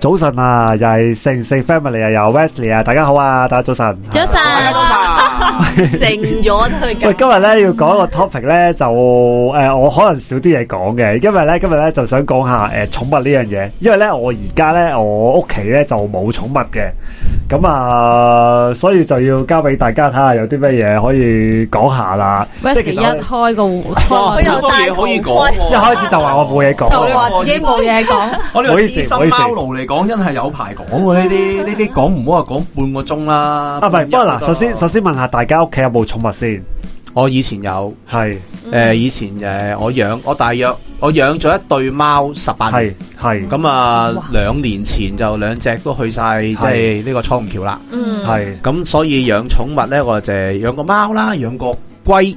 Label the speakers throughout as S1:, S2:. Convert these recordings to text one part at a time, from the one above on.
S1: 早晨啊，又係成成 family 啊，又係 Wesley 啊，大家好啊，大家早晨，早晨，早晨，
S2: 成咗晨 都去。 今日
S1: 咧要講一個 topic 咧就誒、呃，我可能少啲嘢講嘅，因為咧今日咧就想講下誒、呃、寵物呢樣嘢，因為咧我而家咧我屋企咧就冇寵物嘅。咁啊，所以就要交俾大家睇下有啲乜嘢可以講下啦。即係其實一
S3: 開個開又 可以講、啊。
S1: 一開始就話我冇嘢講， 就
S3: 你話自己冇嘢講。
S4: 我哋黐心貓奴嚟講，真係有排講嘅呢啲呢啲講唔好話講半個鐘啦。啊，唔係、那個，不過嗱，首先首
S1: 先問下大家屋企有冇寵物先。我以前有，係是，誒、呃，以
S4: 前誒，我養，我大約，我養咗一對貓十八年，係，咁啊，兩那哇年前就兩隻都去晒，即係呢個彩虹橋啦，是嗯，係是，咁所以養寵物咧，我就係養個貓啦，養個龜。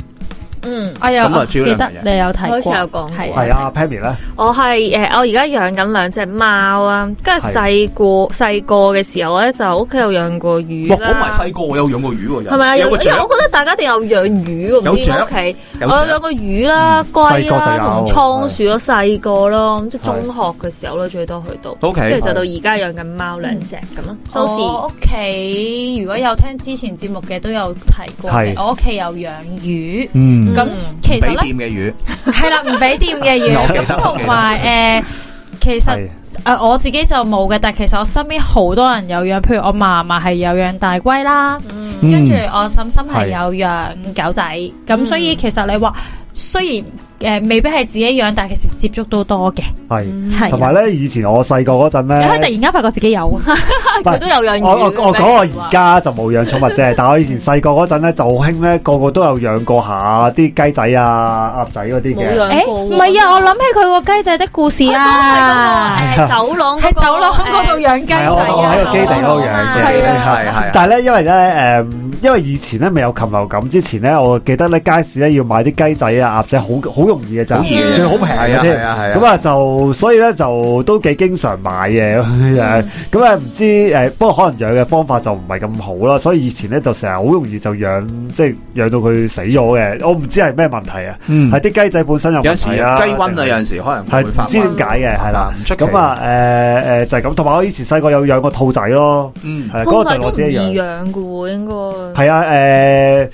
S2: 嗯，我又記得你有睇，好似有講，係啊，Pammy 咧，我係誒，我而家養緊兩隻貓啊，跟住細個細個嘅時候咧，就屋企有養過魚啦。埋咁唔細
S4: 個我有養過魚，係咪啊？有個雀，我覺
S2: 得大家一定有養魚咁樣喺屋企，我養過魚啦、龜啦、同倉鼠咯，細個咯，即係中學嘅時候咯，最多去到。跟住就到而家養緊貓兩隻咁咯。我屋
S3: 企如果有聽之前節目嘅，都有提過，我屋企有養魚，嗯。咁、嗯嗯、其實呢，係啦，唔俾掂嘅魚。咁同埋誒，其實誒 是、呃、我自己就冇嘅，但係其實我身邊好多人有養，譬如我嫲嫲係有養大龜啦，跟住、嗯、我嬸嬸係有養狗仔，咁、嗯、所以其實你話是雖然。誒，未必係自己養，但係其實接觸都多嘅，係
S1: 係。同埋咧，以前我細個嗰陣咧，突
S3: 然間發覺自己有，佢都有養。我我我我而
S1: 家就冇養寵物啫，但係我以前細個嗰陣咧就好興咧，個個都有養過下啲雞仔啊、鴨仔嗰啲嘅。誒，
S3: 唔係啊，我諗起佢個雞仔的故事啊，走廊喺走廊嗰度
S4: 養雞仔啊，喺個基地嗰度養，係係係。
S1: 但係咧，因為咧，誒，因為以前咧未有禽流感之前咧，我記得咧街市咧要買啲雞仔啊、鴨仔，好好。容易嘅就好平嘅添，咁啊就所以咧就都幾經常買嘅咁啊，唔知誒，不過可能養嘅方法就唔係咁好啦，所以以前咧就成日好容易就養即係養到佢死咗嘅，我唔知係咩問題啊，係啲雞仔本身有問題啊，雞瘟啊，有
S4: 陣時可能係唔知點解
S1: 嘅係啦，咁啊誒誒就係咁，同埋我以前細個有養過兔仔咯，嗰個就我自己養，易養嘅喎，應該係啊，誒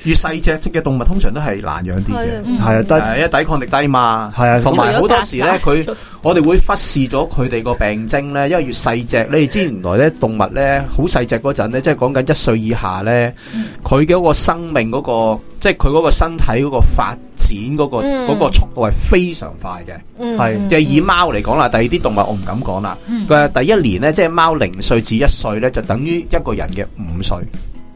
S1: 越細隻即嘅動物通常都係難養啲嘅，係啊，但係
S4: 抵抗力低嘛，係啊，同埋好多時咧，佢我哋會忽視咗佢哋個病徵咧，因為越細隻，你知原來咧動物咧好細隻嗰陣咧，即係講緊一歲以下咧，佢嘅一個生命嗰、嗰個，即係佢嗰個身體嗰個發展嗰、嗰個、嗯、個速度係非常快嘅係，即係以貓嚟講啦，第二啲動物我唔敢講啦，佢第一年咧，即係貓零歲至一歲咧，就等於一個人嘅五歲。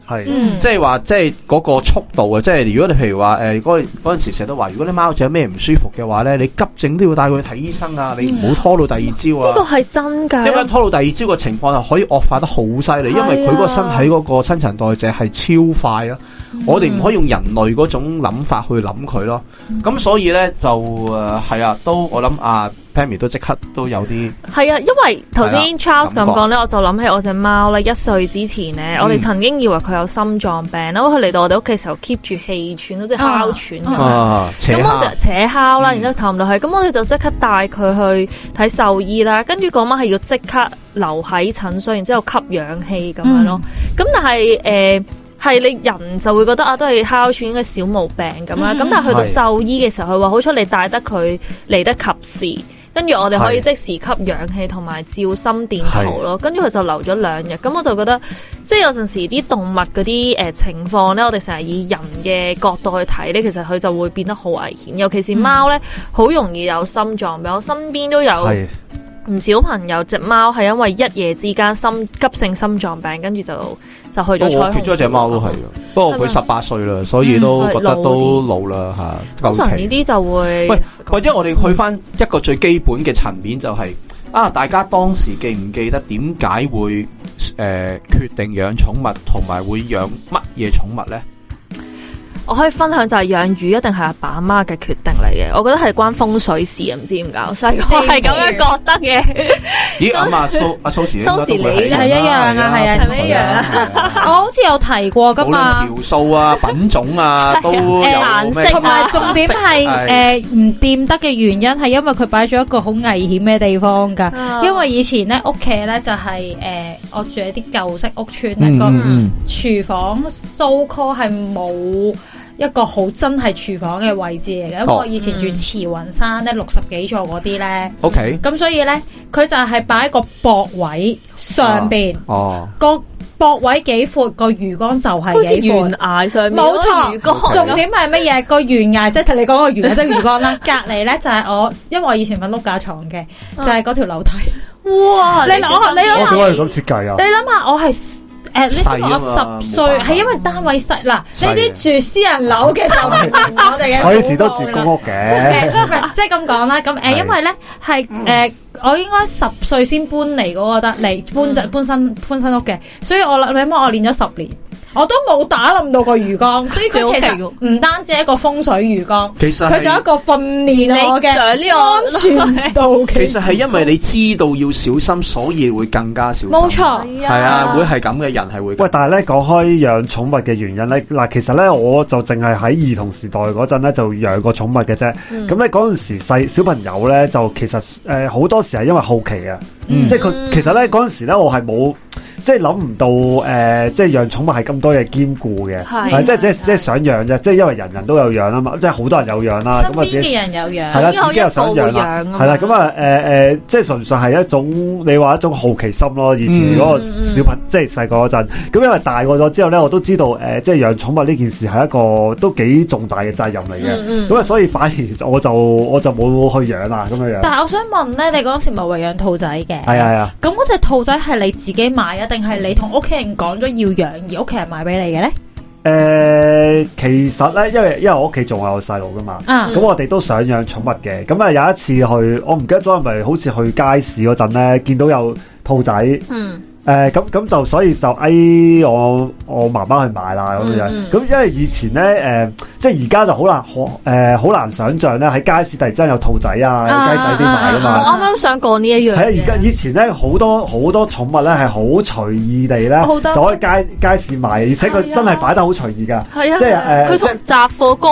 S4: 係，即係話，即係嗰個速度啊！即係如果你譬如話，誒、呃，嗰嗰陣時成日都話，如果你貓仔有咩唔舒服嘅話咧，你急症都要帶佢去睇醫生啊！你唔好拖到第二朝啊！呢個
S2: 係真噶，因為
S4: 拖到第二朝嘅情況啊，係可以惡化得好犀利，因為佢個身體嗰個新陳代謝係超快咯。的我哋唔可以用人類嗰種諗法去諗佢咯。咁所以咧就誒係啊，都我諗啊。Pammy 都即刻都有啲，
S2: 係啊，因為頭先 Charles 咁講咧，我就諗起我隻貓咧，一歲之前咧，我哋曾經以為佢有心臟病啦，佢嚟到我哋屋企嘅時候 keep 住氣喘，即係哮喘
S4: 咁樣，咁我就
S2: 扯哮啦，然之後唞唔到氣，咁我哋就即刻帶佢去睇獸醫啦，跟住嗰晚係要即刻留喺診所，然之後吸氧氣咁樣咯。咁但係誒，係你人就會覺得啊，都係哮喘應該小毛病咁啦。咁但係去到獸醫嘅時候，佢話好彩你帶得佢嚟得及時。跟住我哋可以即時吸氧氣同埋照心電圖咯，跟住佢就留咗兩日。咁我就覺得，即係有陣時啲動物嗰啲誒情況咧，我哋成日以人嘅角度去睇咧，其實佢就會變得好危險。尤其是貓咧，好、嗯、容易有心臟病。我身邊都有
S1: 唔
S2: 少朋友，隻貓係因為一夜之間心急性心臟病，跟住就。就去咗。我脫咗隻
S4: 貓都係，不過佢十八歲啦，所以都覺得都老啦吓。舊年
S2: 啲就會
S4: 喂，這樣 或者我哋去翻一個最基本嘅層面，就是，就係啊，大家當時記唔記得點解會誒、呃、決定養寵物，同埋會養乜嘢寵物咧？
S2: 我可以分享就係養魚，一定係阿爸阿媽嘅決定嚟嘅，我覺得係關風水事嘅，唔知點解，細個係咁樣覺得嘅。
S4: 咦，阿阿蘇阿蘇士你係
S3: 一樣啊？係啊，係一樣。
S2: 我好似有提過
S3: 噶嘛，
S4: 條數啊，品種啊，都有唔係。同埋重
S3: 點係誒唔掂得嘅原因係因為佢擺咗一個好危險嘅地方噶，因為以前咧屋企咧就係誒我住喺啲舊式屋邨，咧個廚房 so call 係冇。一個好真係廚房嘅位置嚟嘅，因為我以前住慈雲山咧六十幾座嗰啲咧，OK，咁所以咧佢就係擺個博位上邊，個博位幾闊個魚缸就係好似懸崖
S2: 上，冇錯。魚缸重點
S3: 係乜嘢？個懸崖即係你講嘅懸崖即係魚缸啦。隔籬咧就係我，因為我以前瞓碌架床嘅，就係嗰條樓梯。哇！你諗下，你諗下點解
S1: 咁設計啊？你諗
S3: 下，我係。誒，你先話十歲係因為單位細啦，嗯、你啲住私人樓嘅， 就我哋嘅。可以住得住公屋嘅，即係咁講啦。咁誒，因為咧係誒，我應該十歲先搬嚟嗰個得嚟搬就、嗯、搬新搬新屋嘅，所以我諗你諗我練咗十年？我都冇打冧到個魚缸，所以佢其實唔單止一個風水魚缸，其實佢就一個訓練我嘅安全度。其實係因為你
S4: 知道要小心，所
S1: 以會更加小心。冇錯錯，係啊，啊會係咁嘅人係會。喂，但係咧講開養寵物嘅原因咧，嗱，其實咧我就淨係喺兒童時代嗰陣咧就養過寵物嘅啫。咁咧嗰陣時細小，小朋友咧就其實誒好、呃、多時係因為好奇啊，嗯、即係佢其實咧嗰陣時咧我係冇。即係諗唔到誒！即係養寵物係咁多嘢，兼顧嘅，係即係即係即係想養啫。即係因為人人都有養啊嘛，即係好多人有養啦。身邊嘅人有養，
S3: 係啦，自己又想養，係啦。咁
S1: 啊，誒誒，即係純粹係一種你話一種好奇心咯。以前嗰個小朋，即係細個嗰陣，咁因為大個咗之後咧，我都知道誒，即係養寵物呢件事係一個都幾重大嘅責任嚟嘅。咁啊，所以反而我就我就冇去養啦，咁樣樣。但係
S3: 我想問咧，你嗰時咪喂為養兔仔嘅？係啊係啊。咁嗰隻兔仔係你自己買一？定係你同屋企人講咗要養而屋企人買俾你嘅咧？
S1: 誒、呃，其實咧，因為因為我屋企仲有細路噶嘛，咁、啊、我哋都想養寵物嘅。咁啊，有一次去，我唔記得咗係咪好似去街市嗰陣咧，見到有兔仔。嗯。誒，咁咁就所以就誒，我我媽媽去買啦咁樣，咁因為以前咧，誒，即係而家就好難，好誒，好難想象咧喺街市突然間有兔仔啊，有雞仔啲賣噶嘛。我啱
S2: 啱想講呢一
S1: 樣。係啊，而家以前咧好多好多寵物咧係好隨意地咧，就喺街街市賣，而且佢真係擺得好隨意噶。係啊，即係誒，佢同
S2: 雜貨乾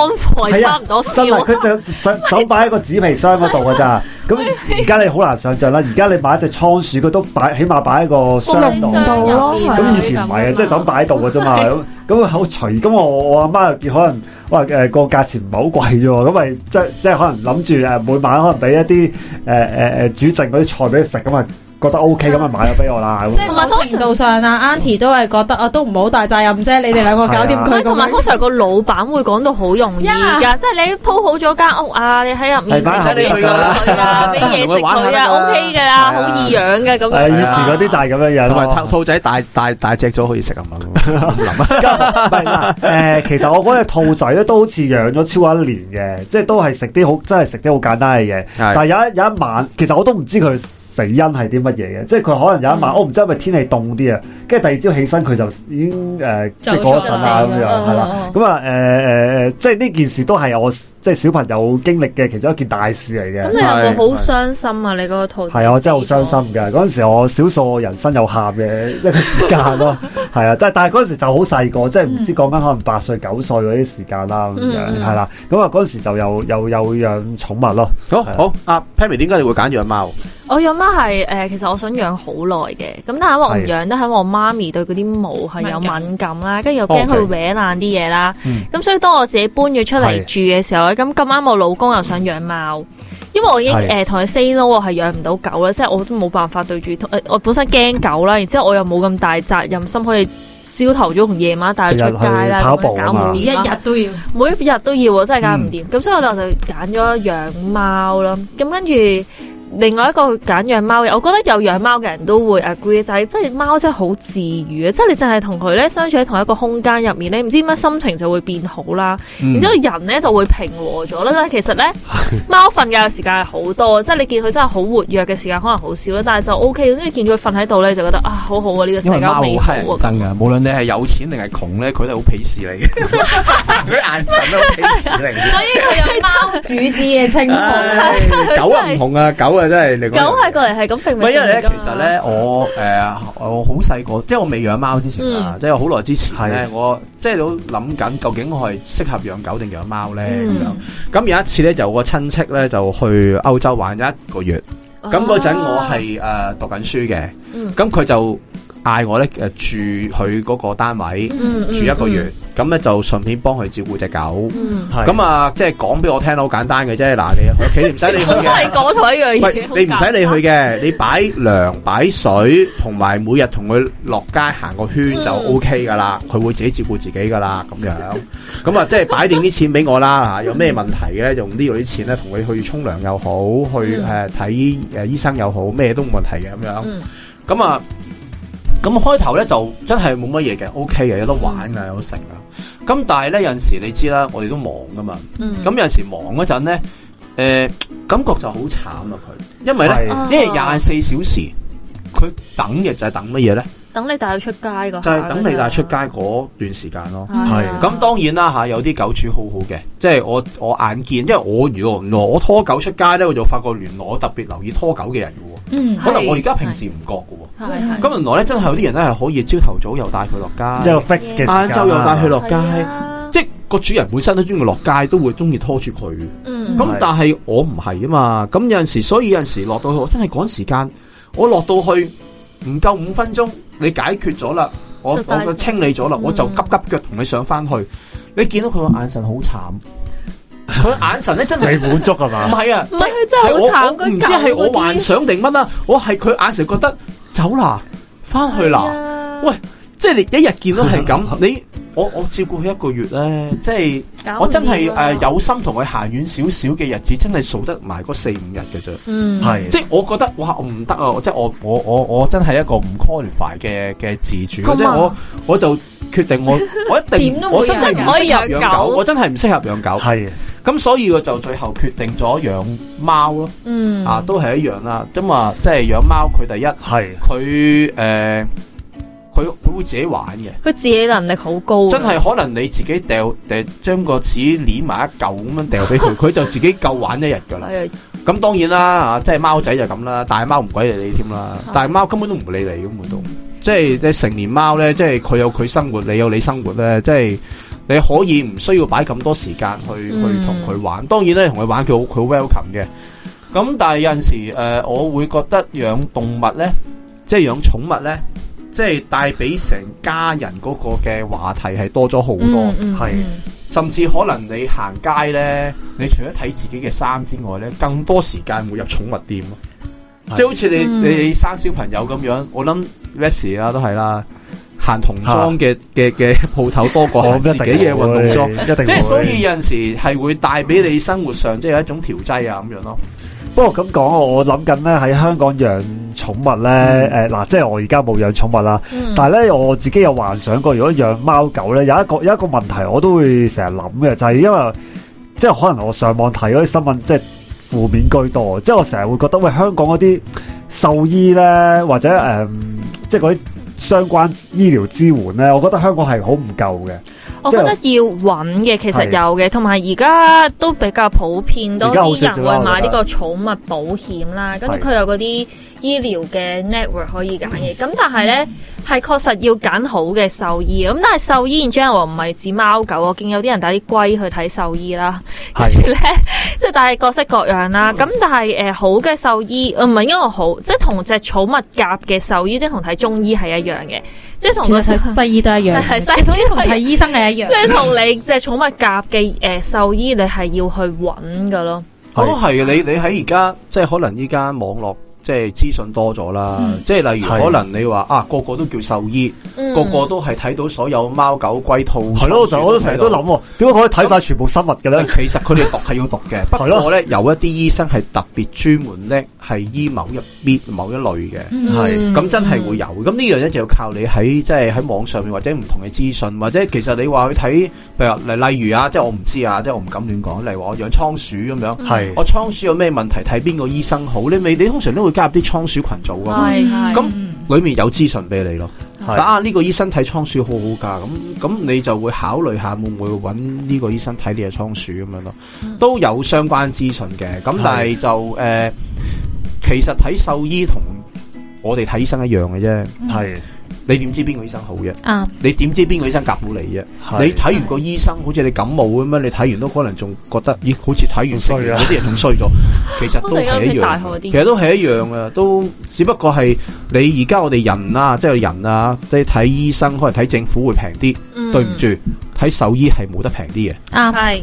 S2: 貨差唔多。真係，佢
S1: 就就擺喺個紙皮箱嗰度噶咋。咁而家你好難想像啦！而家你買一隻倉鼠，佢都擺起碼擺一個箱度咯。咁以前唔係嘅，即係就咁擺喺度嘅啫嘛。咁咁好隨意。咁、嗯、我我阿媽見可能哇誒、呃、個價錢唔係好貴啫喎。咁咪即即係可能諗住誒每晚可能俾一啲誒誒誒煮剩嗰啲菜俾佢食咁啊。覺得 OK 咁啊，買咗俾我啦。即係同
S3: 埋，當上啊 uncle 都係覺得啊，都唔好大責任啫。你哋兩個搞掂佢同埋，
S2: 通常個老闆會講到好容易㗎，即係你鋪好咗間屋啊，你喺入面俾嘢佢啊，俾嘢食佢啊，OK 㗎啦，好易養嘅咁。
S4: 以前嗰啲就係咁樣樣。同埋兔
S1: 仔大大大隻咗可以食啊嘛。唔諗啊。誒，其實我嗰隻兔仔咧都好似養咗超一年嘅，即係都係食啲好，真係食啲好簡單嘅嘢。但係有一有一晚，其實我都唔知佢。死因係啲乜嘢嘅？即係佢可能有一晚，我唔知係咪天氣凍啲啊，跟住第二朝起身佢就已經誒，即係過咗神啊咁樣係啦。咁啊誒誒即係呢件事都係我即係小朋友經歷嘅其中一件大事嚟嘅。咁你有冇好
S2: 傷心啊？你嗰個套係啊，
S1: 我真係好傷心嘅。嗰陣時我少數人生有喊嘅一個時間咯，係啊，但係嗰陣時就好細個，即係唔知講緊可能八歲九歲嗰啲時間啦咁樣係啦。咁啊嗰陣時就有又又養寵物咯。好好，阿 Pammy，點解你會揀養貓？
S2: 我養貓係誒，其實我想養好耐嘅，咁但係我唔養咧，係我媽咪對嗰啲毛係有敏感啦，跟住又驚佢搲爛啲嘢啦，咁所以當我自己搬咗出嚟住嘅時候咧，咁咁啱我老公又想養貓，因為我已經誒同佢 say 咯，我係養唔到狗啦，即係我都冇辦法對住，我本身驚狗啦，然之後我又冇咁大責任心可以朝頭早同夜晚帶佢出街啦，搞唔掂，一日都要，每一日都要，真係搞唔掂，咁所以我哋就揀咗養貓啦，咁跟住。另外一個揀養貓，我覺得有養貓嘅人都會 agree，就係即係貓真係好治癒啊！即係你淨係同佢咧相處喺同一個空間入面，你唔知咩心情就會變好啦。嗯、然之後人咧就會平和咗啦。就是、其實咧， 貓瞓覺嘅時間係好多，即係你見佢真係好活躍嘅時間可能好少啦。但係就 O K，跟住見佢瞓喺度咧，就覺得啊好好啊！呢個社交美好啊！
S4: 真㗎，無論你係有錢定係窮咧，佢都好鄙視你嘅， 眼神都鄙視 所以
S2: 佢有貓主子嘅稱呼。
S4: 狗啊啊，狗啊。狗狗係過嚟係
S2: 咁，唔係因為咧，其實咧、
S4: 呃，我誒，我好細個，即係我未養貓之前啊，即係好耐之前咧，我即係都諗緊，究竟我係適合養狗定養貓咧咁樣？咁有一次咧，就個親戚咧就去歐洲玩咗一個月，咁嗰陣我係誒、呃、讀緊書嘅，咁佢就。嗌我咧，誒住佢嗰個單位、嗯嗯、住一個月，咁咧、嗯、就順便幫佢照顧隻狗。咁啊、嗯，即係講俾我聽好簡單嘅啫。嗱，你屋企唔使你去嘅，
S2: 係台一你唔使你
S4: 去嘅，你擺糧擺水，同埋每日同佢落街行個圈就 O K 噶啦，佢、嗯、會自己照顧自己噶啦。咁樣咁啊， 即係擺定啲錢俾我啦。吓， 有咩問題咧，用呢度啲錢咧，同佢去沖涼又好，去誒睇誒醫生又好，咩都冇問題嘅咁樣。咁啊、嗯。嗯咁開頭咧就真係冇乜嘢嘅，OK 嘅，有得玩啊，有得食啊。咁但係咧，有陣時你知啦，我哋都忙噶嘛。咁、嗯、有陣時忙嗰陣咧，誒、呃，感覺就好慘啊佢，因為咧，是因為廿四小時佢等嘅就係等乜嘢咧？
S2: 等你帶佢出街噶，就係等你帶
S4: 出街嗰段時間咯。係咁、啊，當然啦吓，有啲狗主好好嘅，即係我我眼見，因為我如果我拖狗出街咧，我就發覺原來我特別留意拖狗嘅人噶。
S3: 可能是我而家
S4: 平時唔覺噶，咁原來咧真係有啲人咧係可以朝頭早又帶佢落街，晏晝、啊、又帶佢落街，啊、即係個主人本身都中意落街，都會中意拖住佢。咁但係我唔係啊嘛，咁有陣時，所以有陣時落到去我真係趕時間，我落到去唔夠五分鐘。你解決咗啦，我我清理咗啦，我就急急腳同你上翻去。嗯、你見到佢個眼神好慘，佢眼神咧真係唔滿足係嘛？唔係啊，唔係佢真係好慘，唔知係我幻想定乜啊？我係佢眼神覺得 走啦，翻去啦，啊、喂。即係你一日見到係咁，你我我照顧佢一個月咧，即係我真係誒有心同佢行遠少少嘅日子，真係數得埋嗰四五日嘅啫。嗯，係即係我覺得哇唔得啊！即係我我我我真係一個唔 qualified 嘅嘅自主，即係我我就決定我我一定我真係唔可以養狗，我真係唔適合養狗。係咁，所以我就最後決定咗養貓咯。嗯，啊都係一樣啦。咁啊，即係養貓佢第一係佢誒。佢佢會自己玩嘅，佢
S2: 自己能力好高，真係可
S4: 能你自己掉，誒，將個紙粘埋一嚿咁樣掉俾佢，佢 就自己夠玩一日噶啦。咁 當然啦，啊，即係貓仔就咁啦，大貓唔鬼理你添啦，大貓 根本都唔理你咁到，即係啲成年貓咧，即係佢有佢生活，你有你生活咧，即係你可以唔需要擺咁多時間去 去同佢玩。當然咧，同佢玩佢好佢好 welcome 嘅。咁但係有陣時誒、呃，我會覺得養動物咧，即係養寵物咧。即係帶俾成家人嗰個嘅話題係多咗好多，係甚至可能你行街咧，你除咗睇自己嘅衫之外咧，更多時間會入寵物店，即係是的 好似你，嗯，你，你生小朋友咁樣，我諗 Wesley 啦都係啦，行童裝嘅嘅嘅鋪頭多過行自己嘢運動裝， 即係所以有陣時係會帶俾你生活上即係有一種調劑啊咁樣咯。
S1: 不過咁講，我諗緊咧，喺香港養寵物咧，誒嗱、嗯呃，即係我而家冇養寵物啦。嗯、但係咧，我自己有幻想過，如果養貓狗咧，有一個有一個問題，我都會成日諗嘅，就係、是、因為即係可能我上網睇嗰啲新聞，即係負面居多。即係我成日會覺得，喂，香港嗰啲獸醫咧，或者誒、嗯，即係嗰啲相關醫療支援咧，我覺得香港係好唔夠嘅。我覺得
S2: 要揾嘅其實有嘅，同埋而家都比較普遍多啲人會買呢個寵物保險啦，跟住佢有嗰啲醫療嘅 network 可以揀嘅，咁 但係呢。 係確實要揀好嘅獸醫，咁但係獸醫，然之後又話唔係指貓狗，我見有啲人帶啲龜去睇獸醫啦，係咧是的，即係 但係各式各樣啦。咁、嗯、但係誒、呃，好嘅獸醫，唔、呃、係因為好，即係同隻寵物夾嘅獸醫，即係同睇中醫係一樣嘅，即係同個西醫都一樣，係西，同同睇醫生係一樣。即係同你隻寵物夾嘅誒獸醫，你係要去揾㗎咯。我
S4: 都係，你你喺而家即係可能依家網絡。即係資訊多咗啦，即係例如可能你話啊個個都叫獸醫，個個都係睇到所有貓狗龜兔係咯，我就我都成日都諗，點解可以睇晒全部生物嘅咧？其實佢哋讀係要讀嘅，不過咧有一啲醫生係特別專門叻，係醫某一邊某一類嘅，係咁真係會有。咁呢樣咧就要靠你喺即係喺網上面或者唔同嘅資訊，或者其實你話去睇，例如啊，即係我唔知啊，即係我唔敢亂講。例如我養倉鼠咁樣，係我倉鼠有咩問題睇邊個醫生好？你你你通常都會。加入啲倉鼠群組吖嘛，咁、嗯、裏面有資訊俾你咯。啊是，呢個醫生睇倉鼠好好噶，咁咁你就會考慮下會唔會搵呢個醫生睇你嘅倉鼠咁樣咯。都有相關資訊嘅，咁但係就誒是、呃，其實睇獸醫同我哋睇醫生一樣嘅啫，係是。你點知邊個醫生好嘅？啊！你點知邊個醫生夾好你嘅？是你睇完個醫生，好似你感冒咁樣，你睇完都可能仲覺得，咦？好似睇完食完啲嘢仲衰咗。其實都係一樣。其實都係一樣啊，都只不過係你而家我哋人啊，即係人啊，即係睇醫生可能睇政府會平啲。嗯、對唔住，睇獸醫係冇得平啲嘅。啊，係。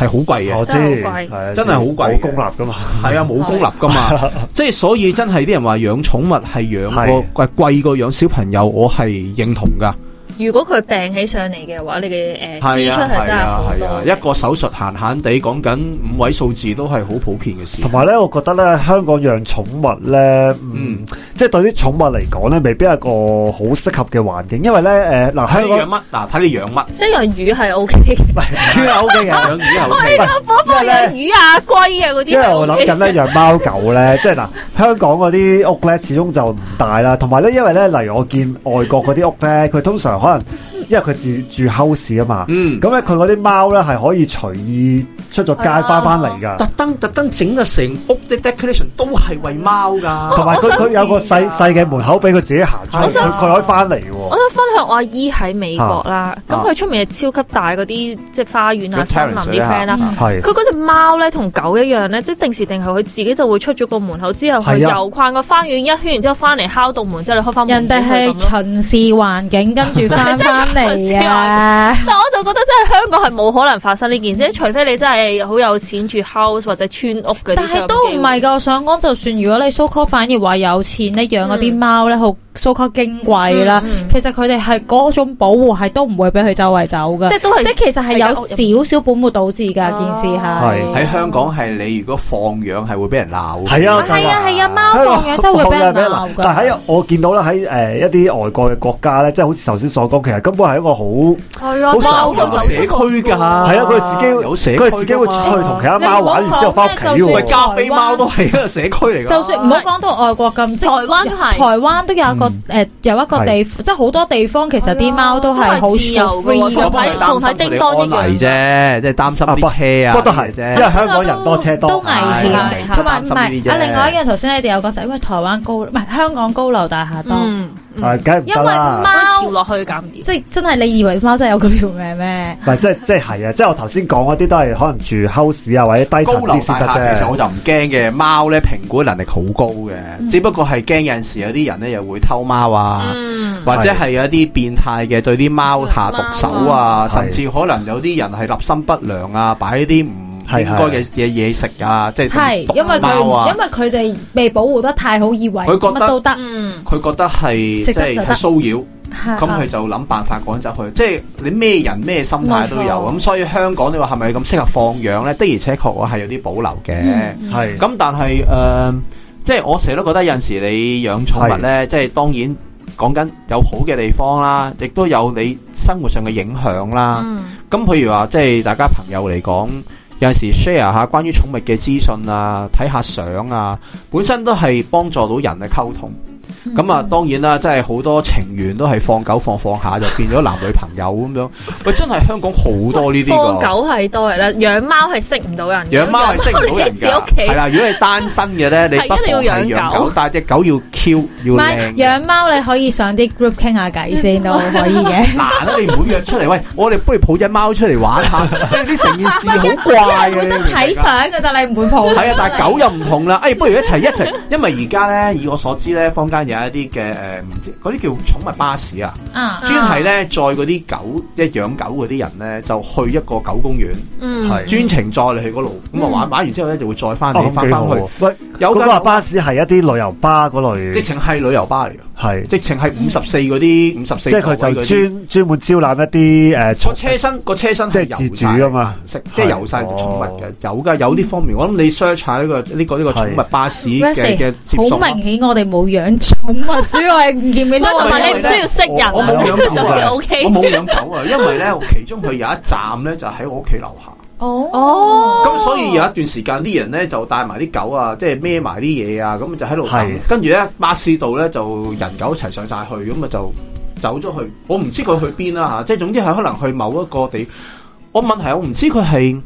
S4: 係好貴啊，真係好貴，真係好貴，冇公立噶嘛，係啊，冇公立噶嘛，即係所以真係啲人話養寵物係養個貴貴過養小朋友，我係認同噶。
S2: 如果佢病起上嚟嘅話，你嘅，誒
S4: 支出係差好多。係啊，係啊，一個手術閒閒地講緊五位數字都係好普
S1: 遍嘅事。同埋咧，我覺得咧，香港養寵物咧，嗯。即係對於寵物嚟講咧，未必係一個好適合嘅環境，因為咧，誒，嗱，香港你養乜？
S4: 嗱，睇你養乜。即係養
S2: 魚係 OK
S1: 嘅，魚係 OK 嘅。我而家放
S2: 放養魚啊龜啊嗰啲。因為我諗緊咧
S1: 養貓狗咧，即係嗱，香港嗰啲屋咧，始終就唔大啦，同埋咧，因為咧，例如我見外國嗰啲屋咧，佢通常可能。因為佢住住 house 啊嘛，咁咧佢嗰啲貓咧係可以隨意出咗街翻翻嚟噶，特
S4: 登特登整咗成屋啲 decoration 都係餵貓噶，同埋佢佢
S1: 有個細細嘅門口俾佢自己行，出去佢可以翻嚟。我想
S2: 分享我阿姨喺美國啦，咁佢出面係超級大嗰啲即係花園啊森林啲 friend 啦，佢嗰隻貓咧同狗一樣咧，即係定時定候佢自己就會出咗個門口之後去遊逛個花園一圈，然之後翻嚟敲到門之後你開翻門。人哋係
S3: 巡視環境，跟住翻翻。 但我
S2: 就覺得真係香港係冇可能發生呢件事， 除非你真係好有錢住 house 或者村屋嘅。 但係都唔係㗎，我想講，就算如果你 so call 反而話有錢，你養嗰啲貓呢。好。
S3: 嗯收購矜貴啦，其實佢哋係嗰種保護係都唔會俾佢周圍走噶，即係都即係其實係有少少本末倒置㗎件事係。
S4: 喺香港係你如果放養
S1: 係會俾人鬧，係啊係啊係
S3: 啊，貓放養真係會俾人鬧㗎。
S1: 但喺我見到啦喺誒一啲外國嘅國家咧，即係好似頭先所講，其實根本係一個好
S4: 好嘅社
S1: 區㗎，係啊，佢係自己佢係自己會去同其他貓玩完之後翻屋企㗎，喂加菲貓都係一個社區嚟㗎。就
S3: 算唔好講到外國咁，台灣台灣都有。個誒有一個地方，即係好多地方其實啲貓都係好自由嘅，同
S1: 埋叮多啲樣啫，即係擔心啲乜嘢都係啫，因為香港人多車多，都危險同埋唔係啊。另外一樣，
S3: 頭先你哋有講就係因為台灣高，唔係香港高樓大廈多。係梗係唔得啦！落去搞唔掂，即係真係你以為貓真係有咁條命咩？
S1: 唔係， 即係即係係啊！即係我頭先講嗰啲都係可能住 house 啊，或者低層啲先得啫。其實我就唔
S4: 驚嘅貓咧，評估能力好高嘅。嗯、只不過係驚有陣時有啲人咧又會偷貓啊，嗯、或者係有啲變態嘅對啲貓下毒手啊，嗯、甚至可能有啲人係立心不良啊，擺一啲唔應該嘅嘢嘢食啊，即係，係因為佢因為
S3: 佢哋被保護得太好，以為佢覺得都得。嗯，
S4: 佢覺得係即係騷擾，咁佢就諗辦法趕走佢。即係你咩人咩心態都有咁，所以香港你話係咪咁適合放養咧？的而且確我係有啲保留嘅，係咁。但係誒，即係我成日都覺得有陣時你養寵物咧，即係當然講緊有好嘅地方啦，亦都有你生活上嘅影響啦。咁譬如話，即係大家朋友嚟講。有陣時 share 下關於寵物嘅資訊啊，睇下相啊，本身都係幫助到人嘅溝通。咁啊，當然啦，真係好多情緣都係放狗放放下就變咗男女朋友咁樣。喂，真係香港好多呢啲噶。狗
S2: 係多嘅啦，養貓係識唔到人。養貓係識唔到人噶。
S4: 係啦，如果係單身嘅咧，你不妨係養狗，但係隻狗要 Q 要靚。唔係
S2: 養
S3: 貓，你可以上啲 group 傾下偈先都可以嘅。嗱，你
S4: 唔會約出嚟喂，我哋不如抱隻貓出嚟玩下，啲成件事好怪嘅。得睇
S3: 相噶咋，你唔會抱。係啊，但係狗
S4: 又唔同啦。哎，不如一齊一齊，因為而家咧，以我所知咧，坊有一啲嘅誒，唔知嗰啲叫寵物巴士啊，專係咧載嗰啲狗，即係養狗嗰啲人咧，就去一個狗公園，係專、um, 程載你去嗰度，咁啊玩玩完之後咧就會再翻嚟翻翻去。好喂有個
S1: 巴士係一啲旅遊巴嗰
S4: 類，直情係旅遊巴嚟㗎，係直情係五十四嗰啲五十四，即係佢就專
S1: 專門招攬一啲誒。個車身個車身即係自主㗎嘛，
S4: 即係由曬寵物嘅。有㗎，有啲方面。我諗你 search 下呢個呢個呢個寵物巴士嘅嘅接。好明
S3: 顯，我哋冇養寵物，所以我係唔見得。不過你唔需要識人。我冇養狗啊！我冇
S4: 養狗啊！因為咧，其中佢有一站咧就喺我屋企樓下。
S2: 哦，哦、oh, oh. 嗯，
S3: 咁所以有
S4: 一段時間啲人咧就帶埋啲狗，是狗啊，即係孭埋啲嘢啊，咁就喺度行，跟住咧巴士道咧就人狗一齊上晒去，咁啊就走咗去。我唔知佢去邊啦吓，即係總之係可能去某一個地。我問題我唔知佢係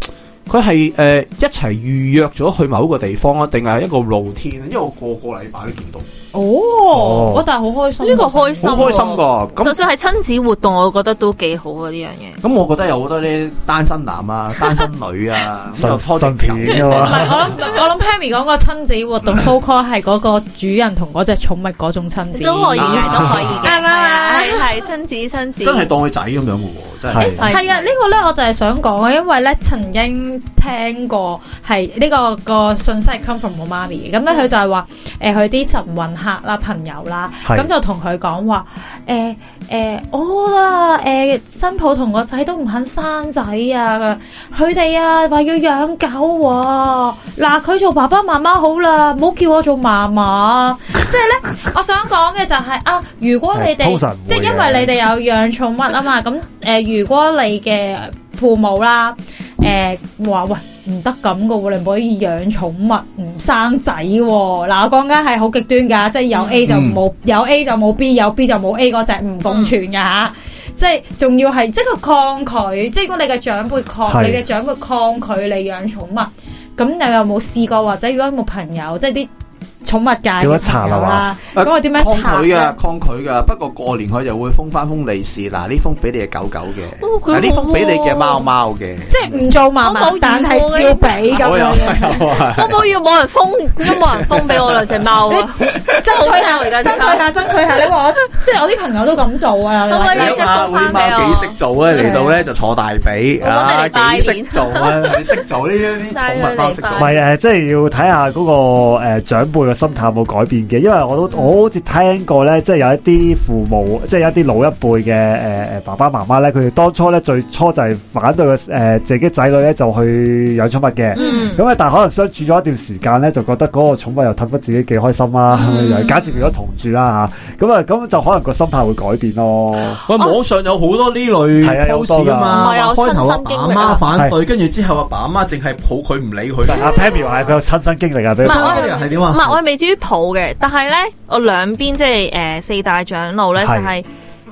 S4: 佢係誒一齊預約咗去某一個地方啊，定係一個露天？因為我個個禮拜都見到。哦，我但
S2: 係好開心，呢個開心，好開心噶。咁就算係親子活動，我覺得都幾好啊呢
S4: 樣嘢。咁我覺得有好多啲單身男啊、單身女啊，信信片唔係，我諗
S2: 我
S3: 諗，Pammy 講個親子活動 so call 係個主人同隻寵物種親子都可以，都可以，係嘛係
S4: 親子
S2: 親
S3: 子，真係當
S4: 佢仔咁樣噶喎，真係
S3: 係啊！呢個咧我就係想講啊，因為咧曾經聽過係呢個個信息係 come from 我媽咪，咁咧佢就係話誒佢啲陳運。客啦，朋友啦，咁是就同佢講話，誒、欸、誒，我、欸哦、啦，誒、欸，新抱同個仔都唔肯生仔啊，佢哋啊，話要養狗、啊，嗱，佢做爸爸媽媽好啦，唔好叫我做媽媽，即係咧，我想講嘅就係、是、啊，如果你哋即係因為你哋有養寵物啊嘛，咁誒，如果你嘅父母啦，誒、啊，話喂。唔得咁噶喎，你唔可以養寵物唔生仔喎、哦。嗱、啊，我講緊係好極端噶，即係有 A 就冇，嗯、有 A 就冇 B，有 B 就冇 A 嗰隻唔共存噶吓、嗯。即係仲要係即係佢抗拒，即係如果你嘅長輩抗拒，是你嘅長輩抗拒你養寵物，咁你有冇試過或者如果冇朋友即係啲？寵物噶，點樣查啊？話，咁我點樣查啊？抗拒噶，抗
S4: 拒噶。不過過年佢就會封翻封利是。嗱，呢封俾你嘅狗狗嘅，嗱，呢封俾你嘅貓貓嘅。
S2: 即係唔做貓貓，但係要俾咁樣嘅。我冇要冇人封，都冇人封俾我啦，隻貓啊！爭取下，爭取下，爭取下。你話我，即係我啲朋友都咁做
S3: 啊。隻貓幾識做啊？嚟
S4: 到咧就坐大髀啊，幾識做啊？你識做呢啲寵物貓識做？唔
S1: 係誒，即係要睇下嗰個誒長輩啊。心態冇改變嘅？因為我都我好似聽過咧，即係有一啲父母，即係有一啲老一輩嘅誒誒爸爸媽媽咧，佢哋當初咧最初就係反對誒自己仔女咧就去養寵物嘅。咁啊，但係可能相處咗一段時間咧，就覺得嗰個寵物又凼得自己幾開心啦，假設如果同住啦吓。咁啊，咁就可能個心態會改變咯。喂，網上有好多呢類係啊，有事啊，唔係開頭阿爸阿媽反對，
S4: 跟住之後阿爸阿媽淨係抱佢唔理佢。阿 Pammy 話係佢有親身
S1: 經歷啊，佢我係點啊？
S2: 未至於抱嘅，但係咧，我兩邊即係誒、呃、四大長老咧，是就係、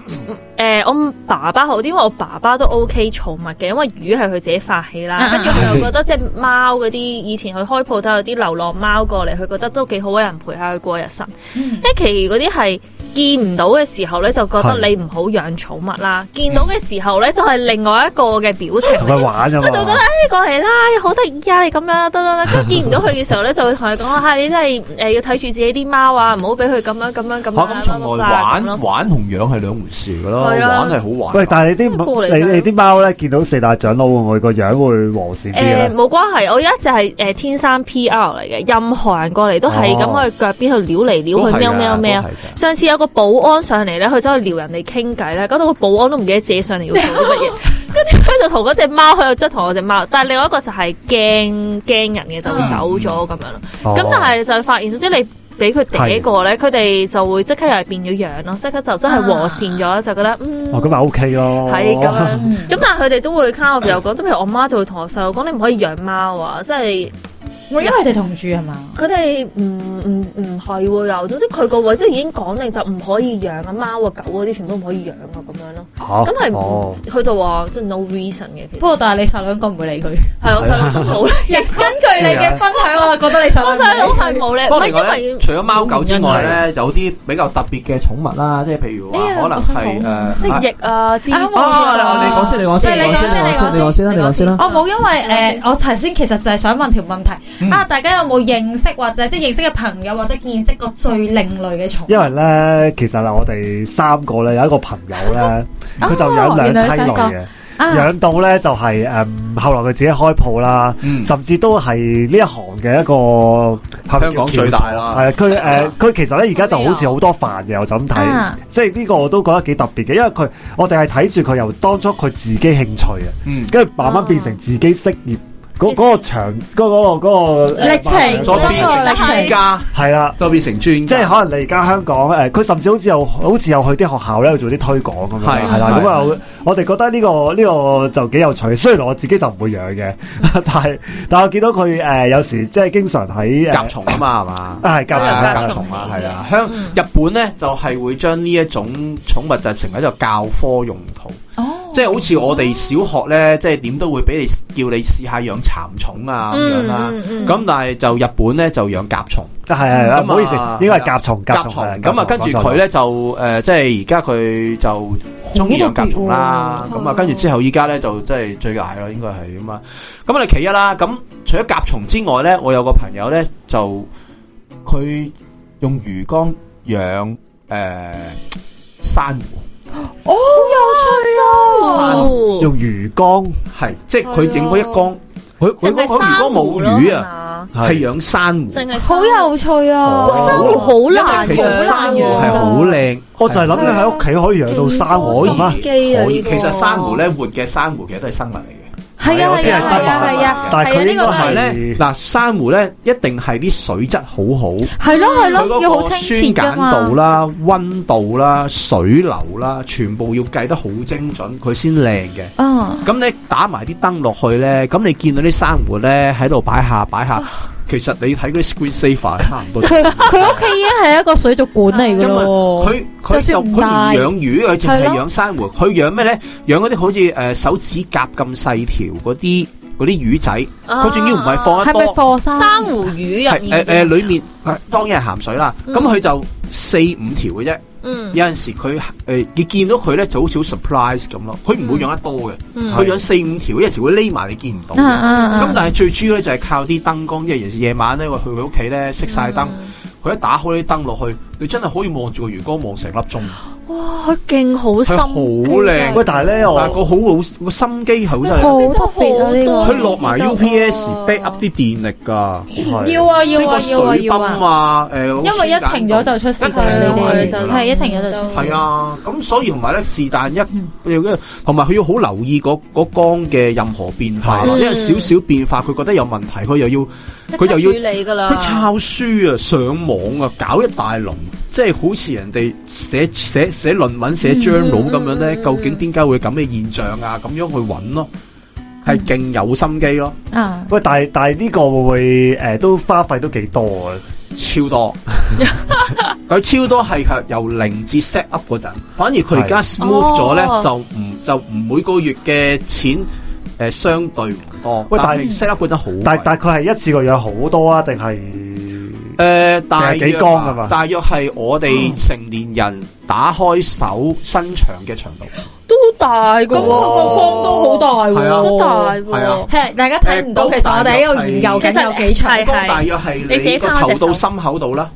S2: 是、誒、呃、我爸爸好啲，因為我爸爸都 OK 寵物嘅，因為魚係佢自己發起啦。佢又 覺得即係貓嗰啲，以前佢開鋪都有啲流浪貓過嚟，佢覺得都幾好，有人陪下佢過日辰，一、嗯、其嗰啲係。見唔到嘅時候咧，就覺得你唔好養寵物啦；見到嘅時候咧，就係另外一個嘅表情。我同佢玩啫嘛。我就覺得誒過嚟啦，好得意啊，你咁樣得啦啦。咁見唔到佢嘅時候咧，就會同佢講，吓你真係誒要睇住自己啲貓啊，唔好俾佢咁樣咁樣咁。吓咁，從外
S1: 玩咯，玩同養係兩回事噶咯。係啊，玩係好玩。喂，但係你啲你你啲貓咧，見到四大長老會唔會個樣會和善啲咧？誒，
S2: 冇關係，我一隻係誒天生 PR 嚟嘅，任何人過嚟都係咁去腳邊去撩嚟撩去喵喵喵。上次有。個保安上嚟咧，佢走去撩人哋傾偈咧，嗰度個保安都唔記得自己上嚟要做乜嘢， 跟住佢就同嗰隻貓，佢又即係同我隻貓，但係另外一個就係驚驚人嘅就會走咗咁樣咯。咁、嗯哦、但係就發現，總之你俾佢第一個咧，佢哋是就會即刻又變咗樣咯，即刻就真係和善咗，啊、就覺得
S1: 嗯，咁咪 O K 咯，係咁樣，樣。
S2: 咁 但係佢哋都會卡我，cover 又講，即係是譬如我媽就會同我細佬講，你唔可以養貓啊，即、就、係、是。我依家佢哋同住係嘛？佢哋唔唔唔係喎又，總之佢個位即係已經講你就唔可以養啊貓啊狗嗰啲，全部唔可以養啊咁樣咯。好，咁係佢就話即係 no reason 嘅。不過但係你細佬應該唔會理佢，係我細佬好咧。亦根據你嘅分享，我就覺得你細佬係冇
S3: 咧。不過另外
S4: 除咗貓狗之外咧，有啲比較特別嘅寵物啦，即係譬如話可能係誒蜥蜴
S2: 啊，啊，你講
S3: 先，你講先，你講先，你
S1: 講先啦，你講先啦。我
S3: 冇，因為誒，我頭先其實就係想問條問題。啊！大家有冇認識或者即係認識嘅朋友或者見識過最另類嘅寵？因為
S1: 咧，其實嗱，我哋三個咧有一個朋友咧，佢就養兩棲類嘅，啊、養到咧就係、是、誒、嗯，後來佢自己開鋪啦，嗯、甚至都係呢一行嘅一個香港最大啦。係佢誒，佢、呃、其實咧而家就好似好多飯嘅，我就咁睇，啊、即係呢個我都覺得幾特別嘅，因為佢我哋係睇住佢由當初佢自己興趣啊，跟住、嗯、慢慢變成自己職業。嗰嗰個長嗰嗰個歷程，就變成歷程㗎，係啦，就變成專家，即係可能你而家香港誒，佢甚至好似有好似有去啲學校咧去做啲推廣咁樣，係啦，咁啊，我哋覺得呢個呢個就幾有趣。雖然我自己就唔會養嘅，但係但係我見到佢誒有時即係經常喺甲蟲
S4: 啊嘛，係嘛，係甲蟲甲蟲啊，係啦，香日本咧就係會將呢一種寵物就成為一個教科用途。即係好似我哋小學咧，即係點都會俾你叫你試下養蠶蟲啊咁樣啦。咁、嗯嗯、但係就日本咧就養甲蟲，
S1: 係啊嘛，應該係甲蟲甲蟲。咁、呃、這啊，跟住佢咧
S4: 就誒，即係而家佢就中意養甲蟲啦。咁啊，跟住之後依家咧就即係最捱咯，應該係咁啊。咁啊，其一啦。咁除咗甲蟲之外咧，我有個朋友咧就佢用魚缸養誒珊瑚。呃
S1: 好有趣啊！珊瑚！用
S4: 魚缸係，即係佢整過一缸，佢佢嗰魚缸冇魚啊，係養珊瑚，
S3: 淨係好有趣啊！珊瑚好靚，其實珊瑚係
S4: 好靚，我就係諗緊喺屋企可以養到珊瑚啊！可以，其實珊瑚咧活嘅珊瑚其實都係生物嚟係啊，係啊，係啊，但係佢呢個係咧，嗱，珊瑚咧一定係啲水質好好，係咯，係 咯，要好清澈，酸鹼度啦、溫 度啦、水流啦，全部要計得好精準，佢先靚嘅。 嗯，咁你打埋啲燈落去咧，咁你見到啲珊瑚咧喺度擺下擺下。 其實你睇嗰啲 screen saver 差唔多， 佢
S3: 佢屋企已經係一個水族館嚟噶咯。佢佢就佢唔養魚，佢淨係養
S4: 珊瑚。佢養咩咧？養嗰啲好似誒、呃、手指甲咁細條嗰啲嗰啲魚仔。佢仲要唔係放喺放
S3: 珊瑚魚入？誒誒、呃呃，裏
S4: 面係當然係鹹水啦。咁佢 就四五條嘅啫。嗯、有陣時佢誒、呃嗯，你見到佢咧就好似好 surprise 咁咯，佢唔會養得多嘅，佢養四五條，有陣時會匿埋你見唔到嘅。咁但係最主要咧就係靠啲燈光，因為夜晚咧我去佢屋企咧熄晒燈，佢、嗯、一打開啲燈落去。佢真係可以望住個魚缸望成粒鐘，
S2: 哇，勁好心好靚。喂，但
S4: 係咧，我個好好個心機好真，好特
S2: 別啊！
S3: 佢
S4: 落埋 UPS，backup 啲電力噶，要啊要啊要啊誒，因為一停咗就出事，一停就係一停
S3: 咗就出事，
S4: 係啊。咁所以同埋咧，是但一，同埋佢要好留意嗰缸嘅任何變化咯，因為少少變化佢覺得有問題，佢又要佢又要處
S2: 理噶啦，佢抄
S4: 書啊，上網啊，搞一大籠。即係好似人哋寫寫寫論文寫 journal 咁、嗯、樣咧，究竟點解會咁嘅現象啊？咁樣去揾咯，係勁、嗯、有心機咯。啊喂，但係但係呢個會唔會誒、呃、都花費都幾多啊，超多，佢 超多係由零至 set
S1: up 嗰陣，反而佢而家 smooth 咗咧，就
S4: 唔就唔每個月嘅錢誒、呃、相對唔多。喂但，但係、嗯、set
S1: up 嗰陣好，但但佢係一次過有好多啊，定係？誒、呃，大約幾缸㗎嘛？大
S4: 約係我哋成年人打開手伸長嘅長度，
S2: 都好大咁個缸都好大，
S4: 哦，好，啊哦，大，哦，係啊，
S3: 係大家睇唔到，其實我哋個研究其實有幾
S4: 長，大約係你個頭到心口度啦。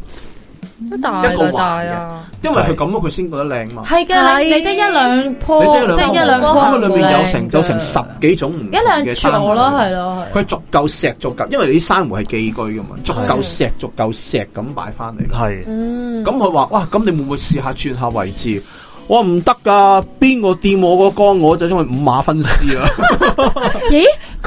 S4: 一個大啊，因為佢咁樣佢先覺得靚嘛。係
S3: 嘅，你你得一兩棵，即一兩棵，咁啊，裏面有成就
S4: 成十幾種唔同嘅珊瑚咯，係咯，
S3: 係。佢
S4: 足夠石足夠，因為你啲珊瑚係寄居噶嘛，足夠石足夠石咁擺翻嚟。係，嗯。咁佢話哇，咁你會唔會試下轉下位置？我唔得噶，邊個掂我個缸我就將佢五馬分屍啊。
S3: 咦？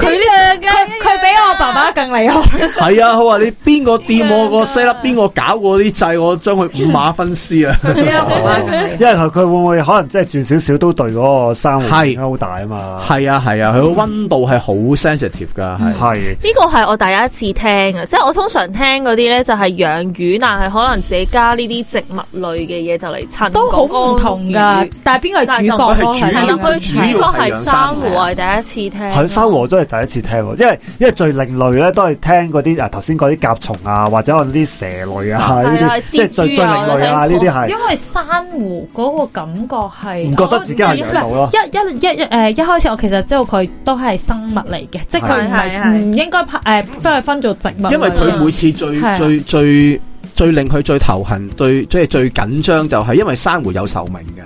S3: 佢呢樣嘅，佢、yeah, yeah , yeah. 比我爸爸更厲
S4: 害。係 啊，佢話你邊個掂我個西粒，邊個搞我啲掣，我將佢五馬分屍啊！
S1: 因為佢佢會唔會可能即係轉少少都對嗰個珊瑚係勾大啊嘛？係啊係啊，
S4: 佢個、啊啊、温度係好 sensitive 噶。係、啊。係
S2: 呢、嗯、是個係我第一次聽啊！即係我通常聽嗰啲咧就係養魚，但係可能自己加呢啲植物類嘅嘢就嚟襯。都好唔同㗎，但係邊個係主角？主佢係主角係珊瑚，啊。第一次
S3: 聽。係珊
S1: 瑚真係。第一次聽喎，因為因為最另類咧，都係聽嗰啲啊頭先嗰啲甲蟲啊，或者我啲蛇類啊，呢啲即係最另類啊，呢啲係。因
S3: 為珊瑚嗰個感覺係唔覺得自己係養到咯、啊啊。一一一誒一,一開始我其實知道佢都係生物嚟嘅，啊、即係佢唔唔應該誒即係分做植物。因為佢每次
S4: 最、啊、最最、啊、最令佢最頭痕、最即係最，最緊張，就係因為珊瑚有壽命嘅。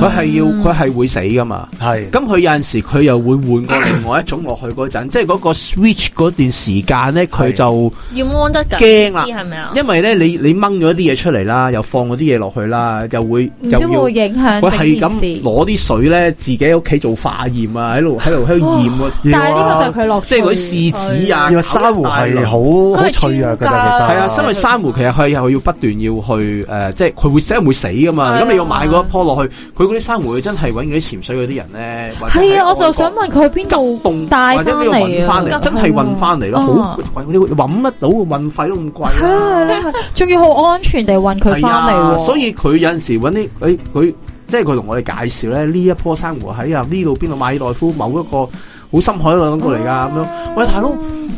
S2: 佢係
S4: 要，佢係會死噶嘛？係，咁佢有陣時佢又會換過另外一種落去嗰陣，即係嗰個 switch 嗰段時間咧，佢就
S2: 要驚啦，係咪啊？因
S4: 為咧，你你掹咗啲嘢出嚟啦，又放嗰啲嘢落去啦，又會唔知會影響。佢係咁攞啲水咧，自己喺屋企做化驗啊，喺度喺度喺度驗。但係呢個就佢落，即係嗰啲試紙啊，珊瑚係好好脆弱噶，其實係啊，因為珊瑚其實佢又要不斷要去誒，即係佢會真會死噶嘛，咁你要買嗰一樖落去。佢嗰啲珊瑚真潛，真係搵嗰啲潛水嗰啲人咧，係啊，我就想問佢去邊度帶翻嚟真係運翻嚟咯，好搵啲搵得到嘅運費都咁貴，啊，係
S3: 啦，仲要好安全地運佢翻嚟。所以
S4: 佢有陣時搵啲誒，佢即係佢同我哋介紹咧，呢一樖珊瑚喺啊呢度邊度馬爾代夫某一個好深海度攞過嚟噶，咁樣、嗯、喂，大佬。嗯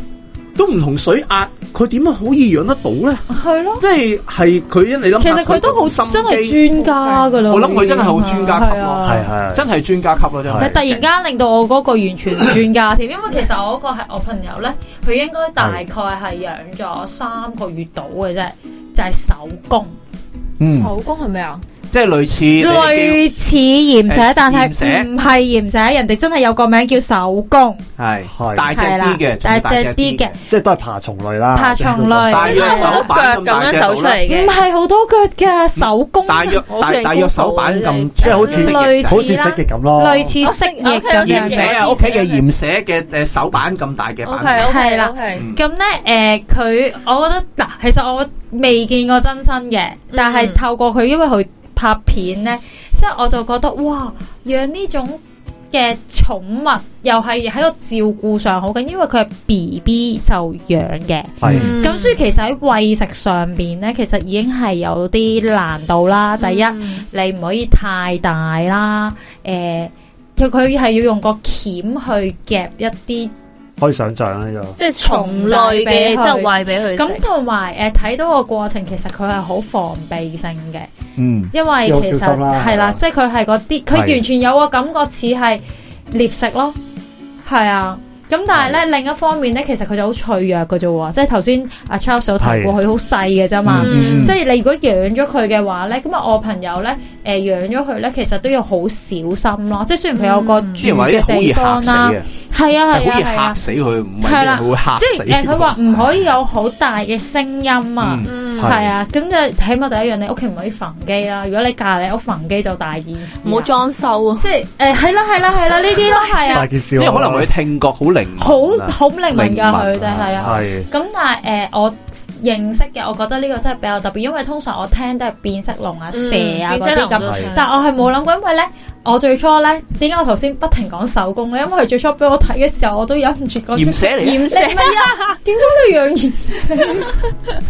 S4: 都唔同水壓，佢點樣可以養得到咧？
S3: 係咯， 即係
S4: 係佢因你諗，其實佢都好心，真係專
S3: 家噶啦。我諗佢真係好專家級咯，
S4: 係係的，真係專家級咯，的真
S3: 係。係突然間令到我嗰個完全唔專家添， 因為其實我嗰個係我朋友咧，佢應該大概係養咗三個月到嘅啫，的就係手工。手工係咪啊？即
S4: 係類似類似鹽蛇，但係唔
S3: 係鹽蛇，人哋真係有個名叫手工，
S1: 係大隻啲嘅，大隻啲嘅，即係都係爬蟲類啦。爬蟲類，大約手板咁樣走出嚟嘅，唔係
S3: 好多腳噶。手工大約大大約手
S4: 板咁，即係好似蜥，好似蜥蜴咁咯。類似蜥蜴嘅鹽蛇啊，屋企嘅鹽蛇嘅誒手板咁大嘅品種係啦。
S3: 咁咧誒，佢我覺得嗱，其實我未見過真身嘅，但係。透過佢，因為佢拍片咧，即係我就覺得哇，養呢種嘅寵物又係喺個照顧上好緊，因為佢係 B B 就養嘅，咁是所以其實喺餵食上邊咧，其實已經係有啲難度啦。第一，嗯、你唔可以太大啦，誒、呃，佢佢係要用個鉗去夾一啲。
S1: 可以想象呢個即
S3: 係蟲類嘅，即係喂俾佢。咁同埋誒睇到個過程，其實佢係好防備性嘅，嗯，
S1: 因為其實係啦，的的即
S3: 係佢係嗰啲，佢完全有個感覺似係獵食咯，係啊。咁但係咧另一方面咧，其實佢就好脆弱㗎咋喎，即係頭先阿 Charles 有提過，佢好細嘅啫嘛。即係你如果養咗佢嘅話咧，咁啊我朋友咧誒養咗佢咧，其實都要好小心咯。即係雖然佢有個住嘅地方啦，係啊係啊係啊，嚇
S4: 死佢，係啦會嚇死。即係佢話
S3: 唔可以有好大嘅聲音啊。係啊，咁就起碼第一樣你屋企唔可以焚機啦。如果你隔籬你屋焚機就大件事，唔好裝修啊。即係誒，係啦係啦係啦，呢啲咯係啊，
S1: 因
S4: 為可能會聽覺好靈，好好靈敏噶佢哋係啊。係。
S3: 咁、啊是嗯、但係誒、呃，我認識嘅，我覺得呢個真係比較特別，因為通常我聽都係變色龍啊、蛇啊嗰啲咁。嗯、但係我係冇諗過，因為咧，我最初咧點解我頭先不停講手工咧？因為佢最初俾我睇嘅時候，我都忍唔住講。鹽蛇嚟？鹽蛇啊！點解你養鹽蛇？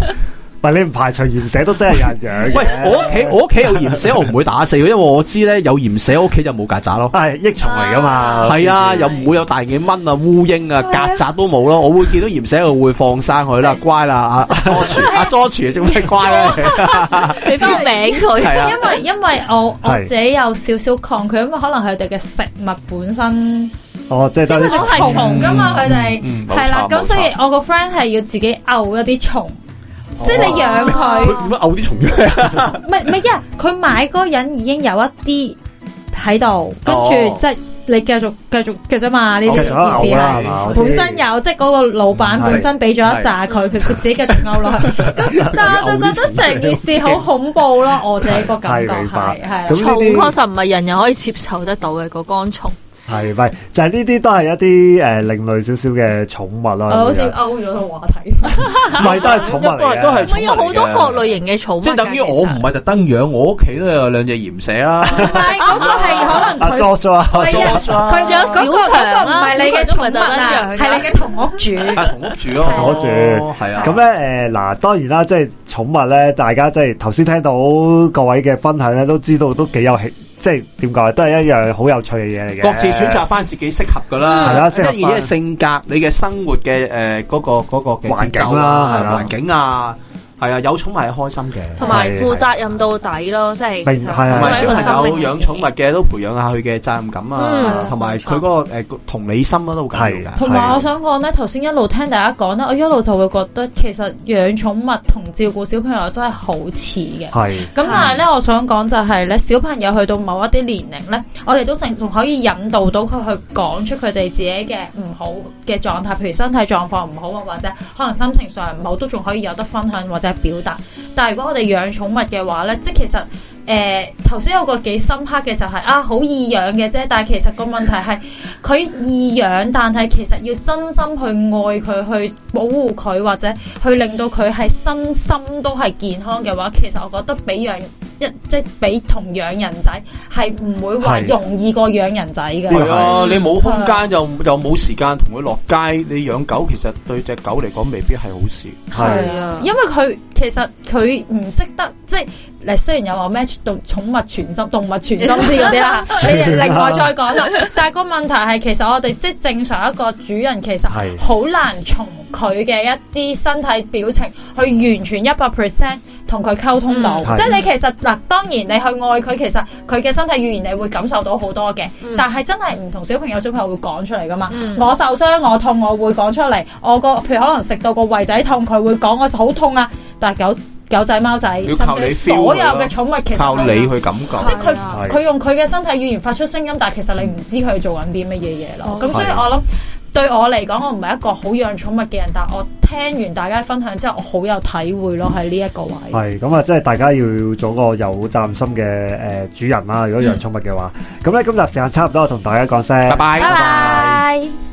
S3: 啊
S1: 你唔排除鹽蛇都真係有人養嘅。喂，我屋企我屋企有鹽蛇，我唔會
S4: 打死佢，因為我知咧有鹽蛇，屋企就冇曱甴咯。係益蟲嚟噶嘛？係啊，又唔會有大幾蚊啊、烏蠅啊、曱甴都冇咯。我會見到鹽蛇，我會放生佢啦，乖啦啊 Joachim，Joachim，做咩乖咧？你幫返個名佢，因為
S2: 因為
S3: 我我自己有少少抗拒，因為可能佢哋嘅食物本身
S1: 哦，即係都係蟲噶嘛，佢哋係啦。咁所以
S3: 我個 friend 係要自己漚一啲蟲。即係你養佢，點
S4: 解嘔啲蟲嘅？唔係
S3: 唔係，因為佢買嗰個人已經有一啲喺度，跟住即係你繼續繼續嘅啫嘛。呢啲意思係本身有，即係嗰個老闆本身俾咗一紮佢，佢佢自己繼續
S2: 嘔落去。咁
S3: 但係我就覺得成件事好
S2: 恐怖咯。我
S3: 自己個感覺
S1: 係係蟲確實
S2: 唔係人人可以接受得到嘅個乾蟲。
S1: 係，唔係就係呢啲都係一啲誒另類少少嘅寵物咯。好似勾咗
S2: 個話題，
S1: 唔係都係寵物，都係。唔係有好多各
S2: 類型嘅寵物。即係等於我
S1: 唔係特登養，我屋企都有兩隻
S4: 鹽蛇啦。
S2: 唔係，嗰個係
S3: 可能
S4: 佢 lost 咗，lost 咗。有
S1: 小強啊，唔係你嘅寵物啊，係你嘅
S3: 同
S4: 屋住，
S1: 同屋住咯，同屋住係啊。咁咧誒嗱，當然啦，即係寵物咧，大家即係頭先聽到各位嘅分享咧，都知道都幾有興。即係點講？都係一樣好有趣嘅嘢嚟嘅。各自選擇
S4: 翻自己適合㗎啦， 啊、因而啲性格、你嘅生活嘅誒嗰個嘅節奏啦、那個啊、環境啊。係啊，有寵物係開心
S2: 嘅，同埋負責任
S4: 到底咯，即係同埋小朋友養寵物嘅都培養下佢嘅責任感啊，同埋佢嗰個誒同理心咯，都好緊要㗎。同埋我
S3: 想講咧，頭先一路聽大家講咧，我一路就會覺得其實養寵物同照顧小朋友真係好似嘅。係，咁但係咧，我想講就係咧，小朋友去到某一啲年齡咧，我哋都成仲可以引導到佢去講出佢哋自己嘅唔好嘅狀態，譬如身體狀況唔好啊，或者可能心情上唔好，都仲可以有得分享或者。表達，但係如果我哋養寵物嘅話咧，即係其實。誒，頭先、呃、有個幾深刻嘅就係、是、啊，好易養嘅啫，但係其實個問題係佢易養，但係其實要真心去愛佢，去保護佢，或者去令到佢係身心都係健康嘅話，其實我覺得比養一即係比同養人仔係唔會話容易過養人仔嘅。係啊，啊，你冇空間、
S4: 啊、又又冇時間同佢落街。你養狗其實對隻狗嚟講未必係好事。係啊，啊
S3: 因為佢其實佢唔識得即係。嗱，雖然有話咩動寵物全心動物全心嗰啲啦， 你另外再講啦。 但係個問題係，其實我哋即係正常一個主人，其實好難從佢嘅一啲身體表情去完全一百 percent 同佢溝通到。嗯、即係你其實嗱，的當然你去愛佢，其實佢嘅身體語言你會感受到好多嘅。嗯、但係真係唔同小朋友，小朋友會講出嚟噶嘛？嗯、我受傷，我痛，我會講出嚟。我個譬如可能食到個胃仔痛，佢會講我好痛啊。但係有。狗仔、貓仔，甚至所有嘅寵物，其實靠你
S4: 去感覺。即係佢佢用
S3: 佢嘅身體語言發出聲音，但係其實你唔知佢做緊啲乜嘢嘢咯。咁所以我諗，對我嚟講，我唔係一個好養寵物嘅人，但係我聽完大家分享之後，我好有體會咯。喺呢一個位，
S1: 係咁啊！即係大家要做個有責任心嘅誒主人啦。如果養寵物嘅話，咁咧今日時間差唔多，我同大家講聲，拜拜，拜拜。